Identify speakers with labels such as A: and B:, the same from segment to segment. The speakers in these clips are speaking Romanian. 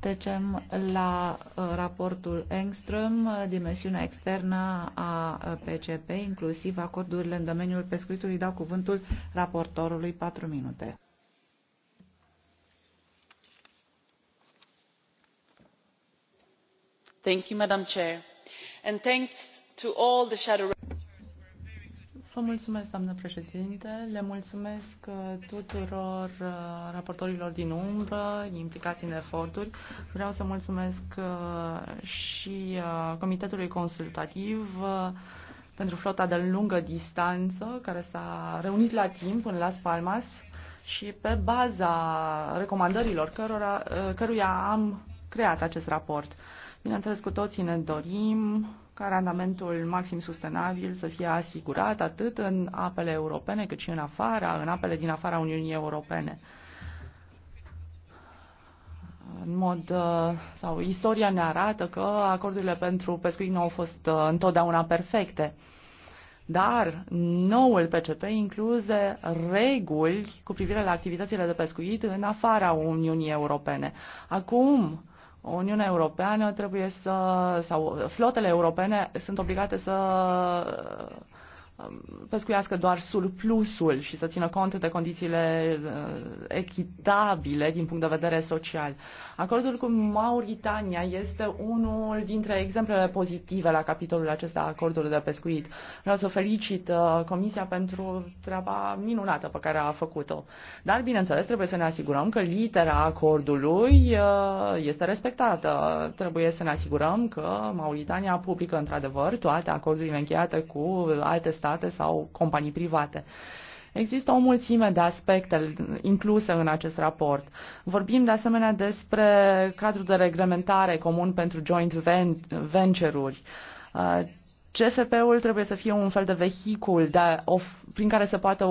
A: Trecem la uh, raportul Engström, uh, dimensiunea externă a PCP, uh, inclusiv acordurile în domeniul pescuitului. Dau cuvântul raportorului 4 minute.
B: Thank you, Madam Chair. And thanks to all the shadow Vă mulțumesc, doamnă președinte. Le mulțumesc uh, tuturor uh, raportorilor din umbră, implicați în eforturi. Vreau să mulțumesc uh, și Comitetului Consultativ pentru flota de lungă distanță, care s-a reunit la timp în Las Palmas și pe baza recomandărilor cărora, căruia am creat acest raport. Bineînțeles, cu toții ne dorim ca randamentul maxim sustenabil să fie asigurat atât în apele europene cât și în afara, în apele din afara Uniunii Europene. În mod uh, sau istoria ne arată că acordurile pentru pescuit nu au fost uh, întotdeauna perfecte. Dar noul PCP incluze reguli cu privire la activitățile de pescuit în afara Uniunii Europene. Acum, Uniunea Europeană trebuie să, sau flotele europene sunt obligate să Um, pescuiască doar surplusul și să țină cont de condițiile uh, echitabile din punct de vedere social. Acordul cu Mauritania este unul dintre exemplele pozitive la capitolul acesta acordului de pescuit. Vreau să felicit uh, Comisia pentru treaba minunată pe care a făcut-o. Dar, bineînțeles, trebuie să ne asigurăm că litera acordului uh, este respectată. Trebuie să ne asigurăm că Mauritania publică, într-adevăr, toate acordurile încheiate cu alte state state sau companii private. Există o mulțime de aspecte incluse în acest raport. Vorbim de asemenea despre cadrul de reglementare comun pentru joint venture-uri. Uh, CFP-ul trebuie să fie un fel de vehicul de of- prin care se poate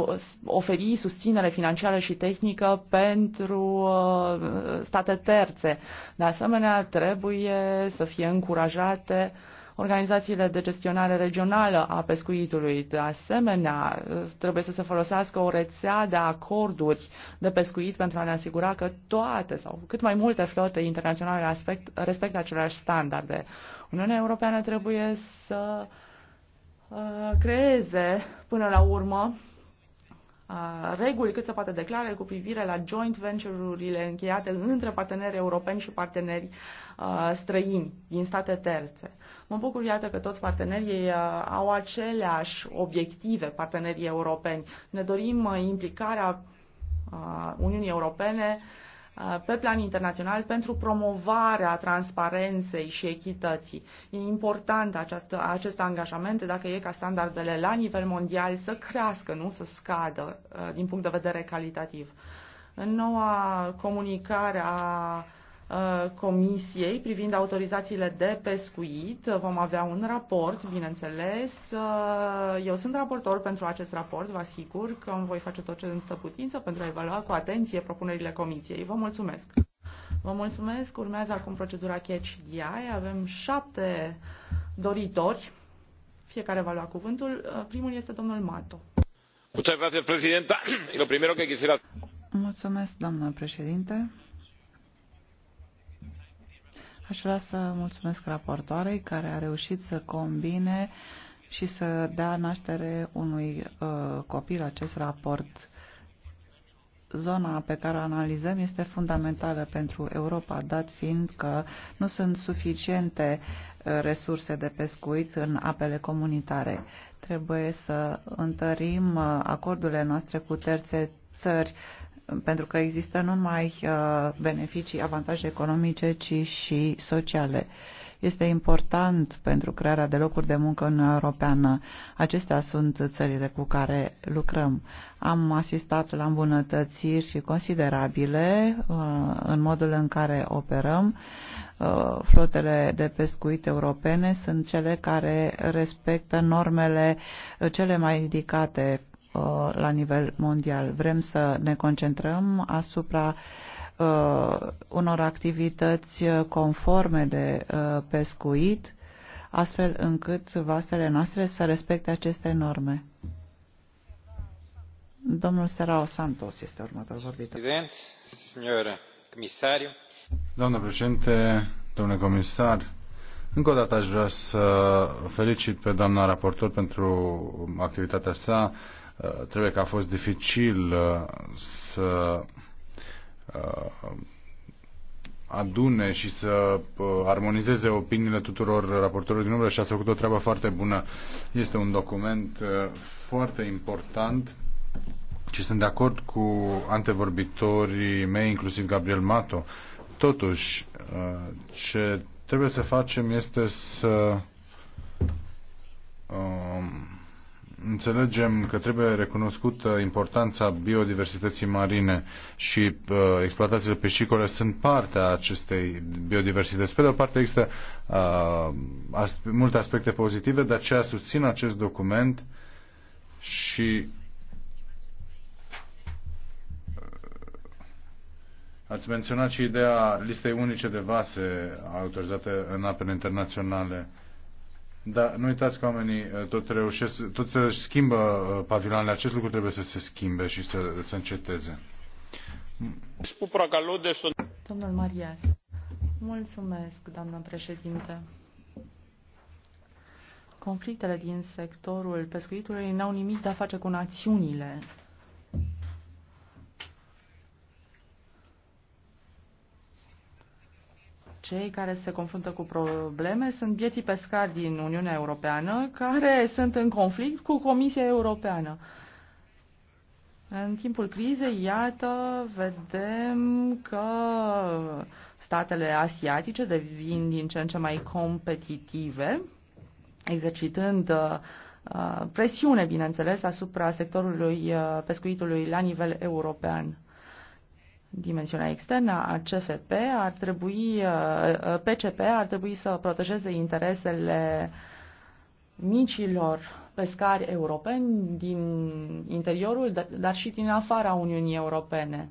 B: oferi susținere financiară și tehnică pentru uh, state terțe. De asemenea, trebuie să fie încurajate uh, organizațiile de gestionare regională a pescuitului. De asemenea, trebuie să se folosească o rețea de acorduri de pescuit pentru a ne asigura că toate sau cât mai multe flote internaționale aspect, respectă aceleași standarde. Uniunea Europeană trebuie să uh, creeze până la urmă reguli cât se poate declare cu privire la joint venture-urile încheiate între parteneri europeni și parteneri străini din state terțe. Mă bucur, iată, că toți partenerii au aceleași obiective, partenerii europeni. Ne dorim implicarea Uniunii Europene uh, Uh, pe plan internațional pentru promovarea transparenței și echității. E important această, acest angajament dacă e ca standardele la nivel mondial să crească, nu să scadă uh, din punct de vedere calitativ. În noua comunicare a Uh, comisiei privind autorizațiile de pescuit. Vom avea un raport, bineînțeles. Uh, eu sunt raportor pentru acest raport, vă asigur că îmi voi face tot ce în stăputință pentru a evalua cu atenție propunerile Comisiei. Vă mulțumesc! Vă mulțumesc! Urmează acum procedura Catch DI. Avem șapte doritori. Fiecare va lua cuvântul. Uh, primul este domnul Mato. Mulțumesc, doamnă președinte.
A: Aș vrea să mulțumesc raportoarei care a reușit să combine și să dea naștere unui uh, copil acest raport. Zona pe care o analizăm este fundamentală pentru Europa, dat fiind că nu sunt suficiente uh, resurse de pescuit în apele comunitare. Trebuie să întărim uh, acordurile noastre cu terțe țări pentru că există nu numai uh, beneficii, avantaje economice, ci și sociale. Este important pentru crearea de locuri de muncă în Europeană. Acestea sunt țările cu care lucrăm. Am asistat la îmbunătățiri considerabile uh, în modul în care operăm. Uh, flotele de pescuit europene sunt cele care respectă normele cele mai ridicate Uh, la nivel mondial. Vrem să ne concentrăm asupra uh, unor activități uh, conforme de pescuit, astfel încât vasele noastre să respecte aceste norme. Domnul Serao Santos este următorul vorbitor.
C: Doamnă președinte, domnule comisar, încă o dată aș vrea să felicit pe doamna raportor pentru activitatea sa. Uh, trebuie că a fost dificil uh, să uh, adune și să armonizeze opiniile tuturor raportorilor din umbră și a făcut o treabă foarte bună. Este un document foarte important și sunt de acord cu antevorbitorii mei, inclusiv Gabriel Mato. Totuși, ce trebuie să facem este să um, Înțelegem că trebuie recunoscută importanța biodiversității marine și uh, exploatațiile piscicole sunt parte a acestei biodiversități. Pe de o parte există uh, as- multe aspecte pozitive, de aceea susțin acest document și uh, ați menționat și ideea listei unice de vase autorizate în apele internaționale. Uh, da, nu uitați că oamenii uh, tot reușesc, tot se uh, schimbă uh, pavilanele. Acest lucru trebuie să se schimbe și să, să înceteze.
D: Domnul
B: Marias, mulțumesc, doamnă președinte. Conflictele din sectorul pescuitului n-au nimic de a face cu națiunile Cei care se confruntă cu probleme sunt bietii pescari din Uniunea Europeană care sunt în conflict cu Comisia Europeană. În timpul crizei, iată, vedem că statele asiatice devin din ce în ce mai competitive, exercitând uh, uh, presiune, bineînțeles, asupra sectorului uh, pescuitului la nivel european dimensiunea externă a CFP ar trebui, PCP uh, ar trebui să protejeze interesele micilor pescari europeni din interiorul, dar și din afara Uniunii Europene.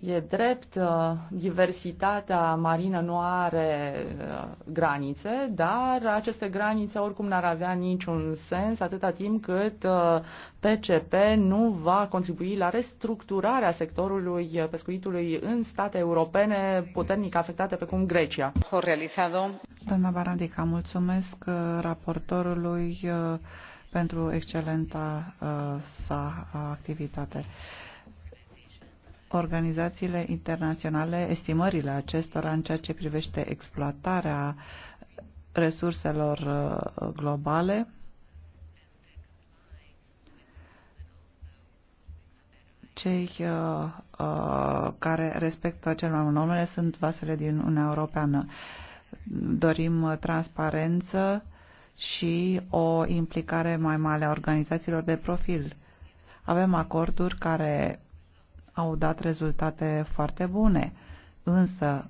B: E drept, uh, diversitatea marină nu are uh, granițe, dar aceste granițe oricum n-ar avea niciun sens atâta timp cât PCP uh, nu va contribui la restructurarea sectorului pescuitului în state europene puternic afectate precum Grecia.
A: Doamna Barandica, mulțumesc raportorului pentru excelenta sa activitate organizațiile internaționale, estimările acestora în ceea ce privește exploatarea resurselor uh, globale, cei uh, uh, care respectă cel mai mult normele sunt vasele din Uniunea Europeană. Dorim uh, transparență și o implicare mai mare a organizațiilor de profil. Avem acorduri care au dat rezultate foarte bune, însă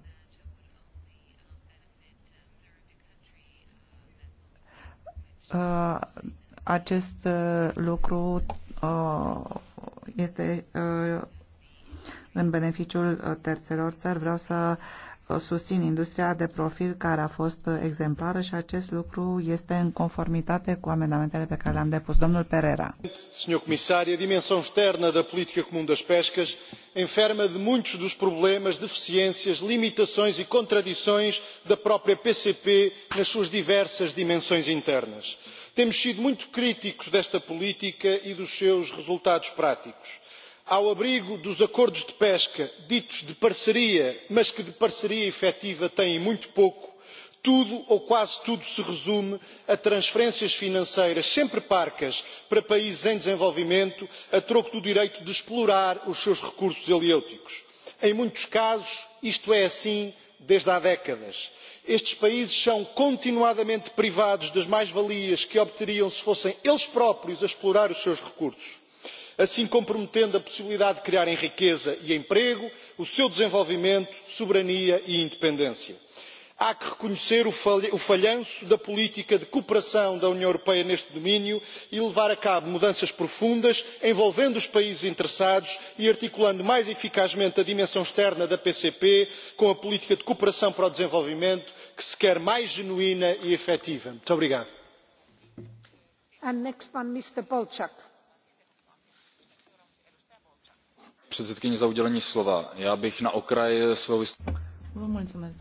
A: uh, acest uh, lucru uh, este în beneficiul terțelor țări. Vreau să susțin industria de profil care a fost exemplară și acest lucru este în conformitate cu amendamentele pe care le-am depus. Domnul Pereira.
D: Domnule Comisar, a externă externa da política comum das pescas enferma de multe dos problemas, deficiências, limitações e contradições da própria PCP nas suas diversas dimensões internas. Temos sido muito críticos desta política e dos seus resultados práticos ao abrigo dos acordos de pesca ditos de parceria mas que de parceria efetiva têm muito pouco tudo ou quase tudo se resume a transferências financeiras sempre parcas para países em desenvolvimento a troco do direito de explorar os seus recursos helióticos. em muitos casos isto é assim desde há décadas. estes países são continuadamente privados das mais valias que obteriam se fossem eles próprios a explorar os seus recursos assim comprometendo a possibilidade de criarem riqueza e emprego o seu desenvolvimento soberania e independência. há que reconhecer o falhanço da política de cooperação da união europeia neste domínio e levar a cabo mudanças profundas envolvendo os países interessados e articulando mais eficazmente a dimensão externa da pcp com a política de cooperação para o desenvolvimento que se quer mais genuína e efetiva.
C: předsedkyni Já bych na okraj svého
B: vystoupení. Vă mulțumesc,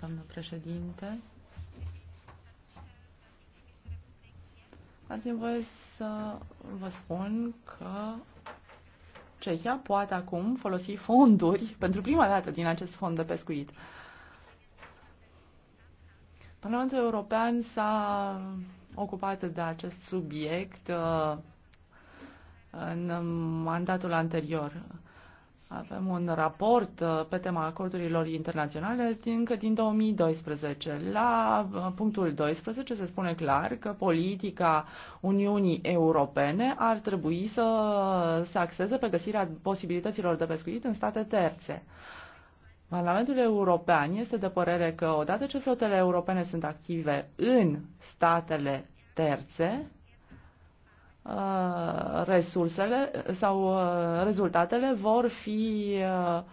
B: Dați-mi voie să vă spun că Cehia poate acum folosi fonduri pentru prima dată din acest fond de pescuit. Parlamentul European s-a ocupat de acest subiect uh, în mandatul anterior. Avem un raport uh, pe tema acordurilor internaționale încă din 2012. La uh, punctul 12 se spune clar că politica Uniunii Europene ar trebui să se axeze pe găsirea posibilităților de pescuit în state terțe. Parlamentul European este de părere că odată ce flotele europene sunt active în statele terțe, Uh, resursele sau uh, rezultatele vor fi uh,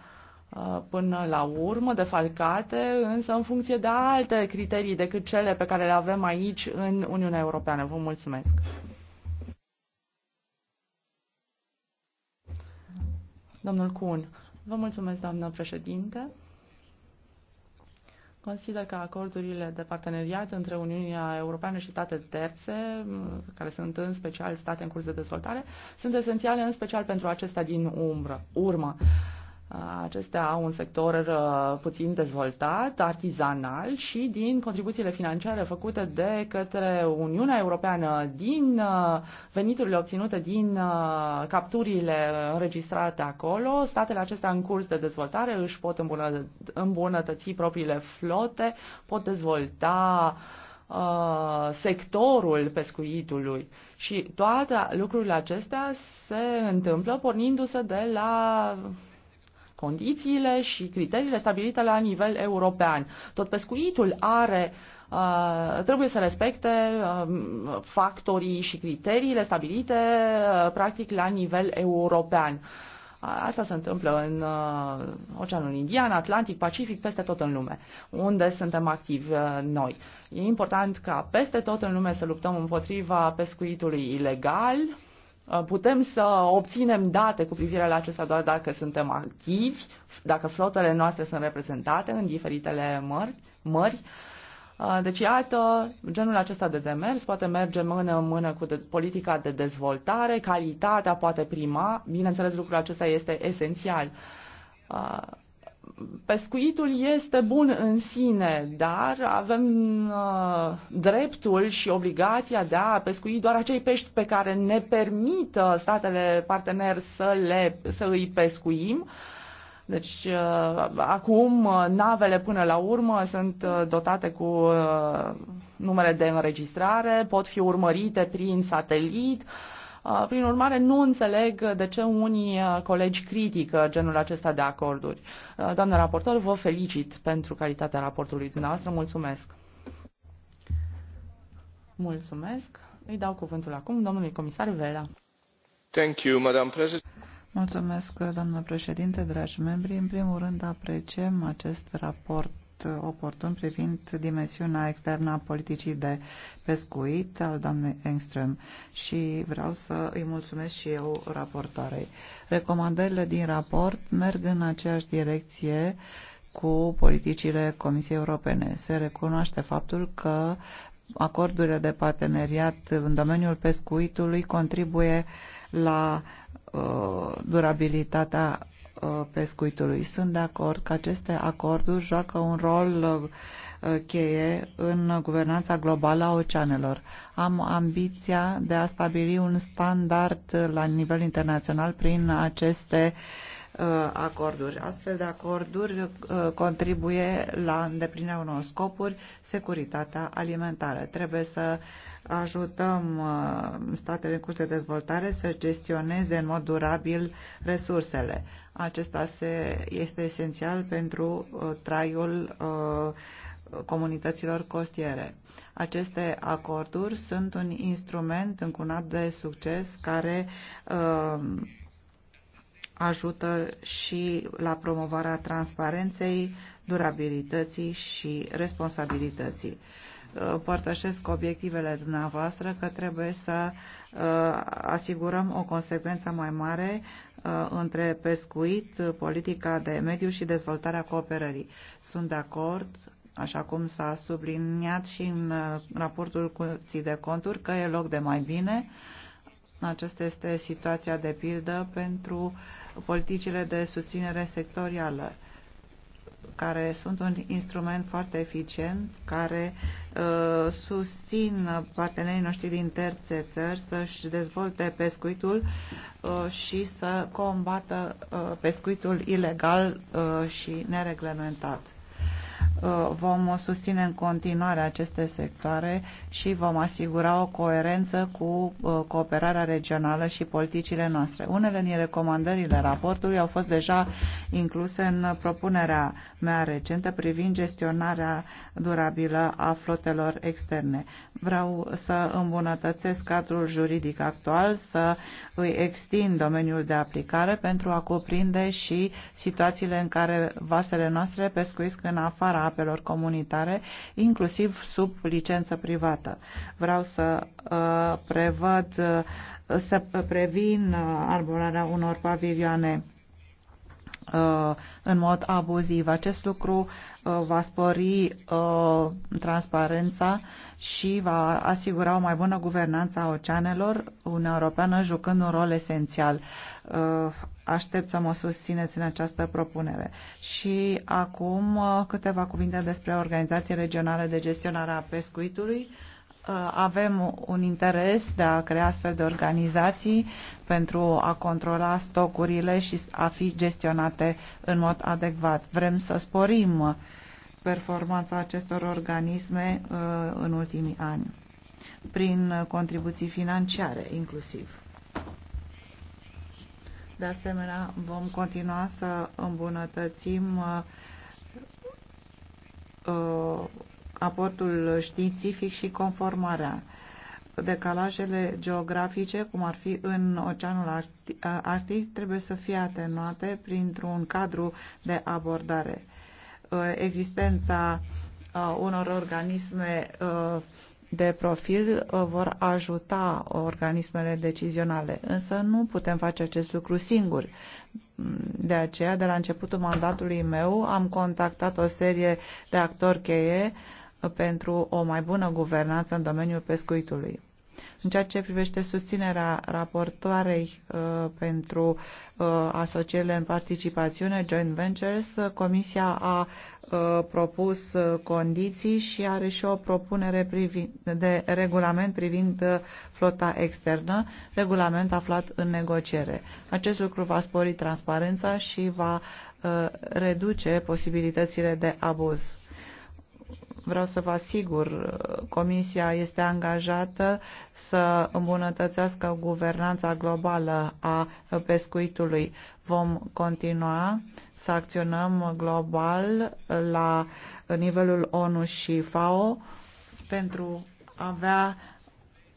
B: până la urmă defalcate, însă în funcție de alte criterii decât cele pe care le avem aici în Uniunea Europeană. Vă mulțumesc! Domnul Kuhn, vă mulțumesc, doamnă președinte. Consider că acordurile de parteneriat între Uniunea Europeană și state terțe, care sunt în special state în curs de dezvoltare, sunt esențiale în special pentru acestea din umbră, urmă. Acestea au un sector uh, puțin dezvoltat, artizanal și din contribuțiile financiare făcute de către Uniunea Europeană din uh, veniturile obținute din uh, capturile înregistrate acolo, statele acestea în curs de dezvoltare își pot îmbunătăți propriile flote, pot dezvolta sectorul pescuitului și toate lucrurile acestea se întâmplă pornindu-se de la condițiile și criteriile stabilite la nivel european. Tot pescuitul are uh, trebuie să respecte um, factorii și criteriile stabilite uh, practic la nivel european. Uh, asta se întâmplă în uh, Oceanul Indian, Atlantic, Pacific, peste tot în lume, unde suntem activi uh, noi. E important ca peste tot în lume să luptăm împotriva pescuitului ilegal, uh, Uh, putem să obținem date cu privire la acestea doar dacă suntem activi, dacă flotele noastre sunt reprezentate în diferitele mări. mări. Uh, deci, iată, genul acesta de demers poate merge mână în mână cu de, politica de dezvoltare, calitatea poate prima, bineînțeles lucrul acesta este esențial. Uh, pescuitul este bun în sine, dar avem uh, dreptul și obligația de a pescui doar acei pești pe care ne permită statele partener să, le, să îi pescuim. Deci, uh, acum, uh, navele până la urmă sunt dotate cu numere de înregistrare, pot fi urmărite prin satelit, uh, Uh, prin urmare, nu înțeleg de ce unii uh, colegi critică genul acesta de acorduri. Uh, doamnă raportor, vă felicit pentru calitatea raportului dumneavoastră. Mulțumesc! Mulțumesc! Îi dau cuvântul acum domnului comisar Vela.
D: Thank you, Madam President.
A: Mulțumesc, doamnă președinte, dragi membri. În primul rând, apreciem acest raport oportun privind dimensiunea externă a politicii de pescuit al doamnei Engström și vreau să îi mulțumesc și eu raportoarei. Recomandările din raport merg în aceeași direcție cu politicile Comisiei Europene. Se recunoaște faptul că acordurile de parteneriat în domeniul pescuitului contribuie la uh, durabilitatea Uh, pescuitului. Sunt de acord că aceste acorduri joacă un rol uh, uh, cheie în guvernanța globală a oceanelor. Am ambiția de a stabili un standard la nivel internațional prin aceste uh, Uh, acorduri. Astfel de acorduri uh, contribuie la îndeplinirea unor scopuri, securitatea alimentară. Trebuie să ajutăm uh, statele în curs de dezvoltare să gestioneze în mod durabil resursele. Acesta se, este esențial pentru traiul comunităților costiere. Aceste acorduri sunt un instrument încunat de succes care uh, ajută și la promovarea transparenței, durabilității și responsabilității. Părtășesc obiectivele dumneavoastră că trebuie să uh, asigurăm o consecvență mai mare uh, între pescuit, politica de mediu și dezvoltarea cooperării. Sunt de acord așa cum s-a subliniat și în uh, raportul cu ții de Conturi, că e loc de mai bine, aceasta este situația de pildă pentru politicile de susținere sectorială care sunt un instrument foarte eficient, care uh, susțin partenerii noștri din terțe țări să-și dezvolte pescuitul uh, și să combată uh, pescuitul ilegal uh, și nereglementat. Uh, vom susține în continuare aceste sectoare și vom asigura o coerență cu uh, cooperarea regională și politicile noastre. Unele din recomandările raportului au fost deja incluse în propunerea mea recentă privind gestionarea durabilă a flotelor externe. Vreau să îmbunătățesc cadrul juridic actual, să îi extind domeniul de aplicare pentru a cuprinde și situațiile în care vasele noastre pescuiesc în afara apelor comunitare, inclusiv sub licență privată. Vreau să uh, prevăd, uh, să previn uh, arborarea unor pavilioane Uh, în mod abuziv. Acest lucru uh, va spori uh, transparența și va asigura o mai bună guvernanță a oceanelor, Uniunea Europeană jucând un rol esențial. Aștept să mă susțineți în această propunere. Și acum câteva cuvinte despre Organizația Regională de Gestionare a Pescuitului. Uh, avem un interes de a crea astfel de organizații pentru a controla stocurile și a fi gestionate în mod adecvat. Vrem să sporim performanța acestor organisme uh, în ultimii ani, prin contribuții financiare inclusiv. De asemenea, vom continua să îmbunătățim uh, aportul științific și conformarea. Decalajele geografice, cum ar fi în Oceanul Arctic, trebuie să fie atenuate printr-un cadru de abordare. Uh, existența uh, unor organisme uh, de profil vor ajuta organismele decizionale, însă nu putem face acest lucru singuri. De aceea, de la începutul mandatului meu, am contactat o serie de actori cheie pentru o mai bună guvernanță în domeniul pescuitului. În ceea ce privește susținerea raportoarei uh, pentru uh, asocierile în participațiune, joint ventures, uh, Comisia a uh, propus uh, condiții și are și o propunere privind, de regulament privind uh, flota externă, regulament aflat în negociere. Acest lucru va spori transparența și va uh, reduce posibilitățile de abuz Vreau să vă asigur, Comisia este angajată să îmbunătățească guvernanța globală a pescuitului. Vom continua să acționăm global la nivelul ONU și FAO pentru a avea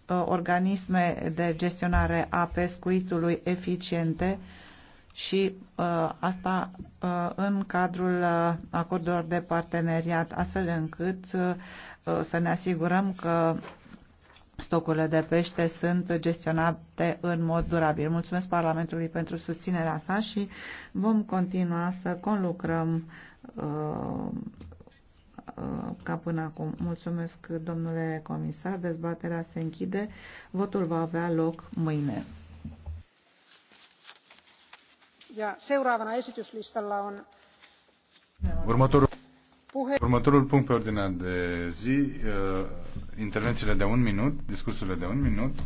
A: uh, organisme de gestionare a pescuitului eficiente și uh, asta uh, în cadrul uh, acordurilor de parteneriat, astfel încât uh, uh, să ne asigurăm că stocurile de pește sunt gestionate în mod durabil. Mulțumesc Parlamentului pentru susținerea sa și vom continua să conlucrăm uh, uh ca până acum. Mulțumesc, domnule comisar. Dezbaterea se închide. Votul va avea loc mâine.
C: Următorul, punct pe ordinea de zi, uh, intervențiile de un minut, discursurile de un minut.